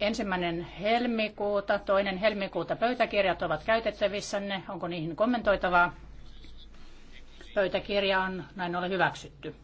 Ensimmäinen helmikuuta, toinen helmikuuta pöytäkirjat ovat käytettävissänne. Onko niihin kommentoitavaa? Pöytäkirja on näin ollen hyväksytty.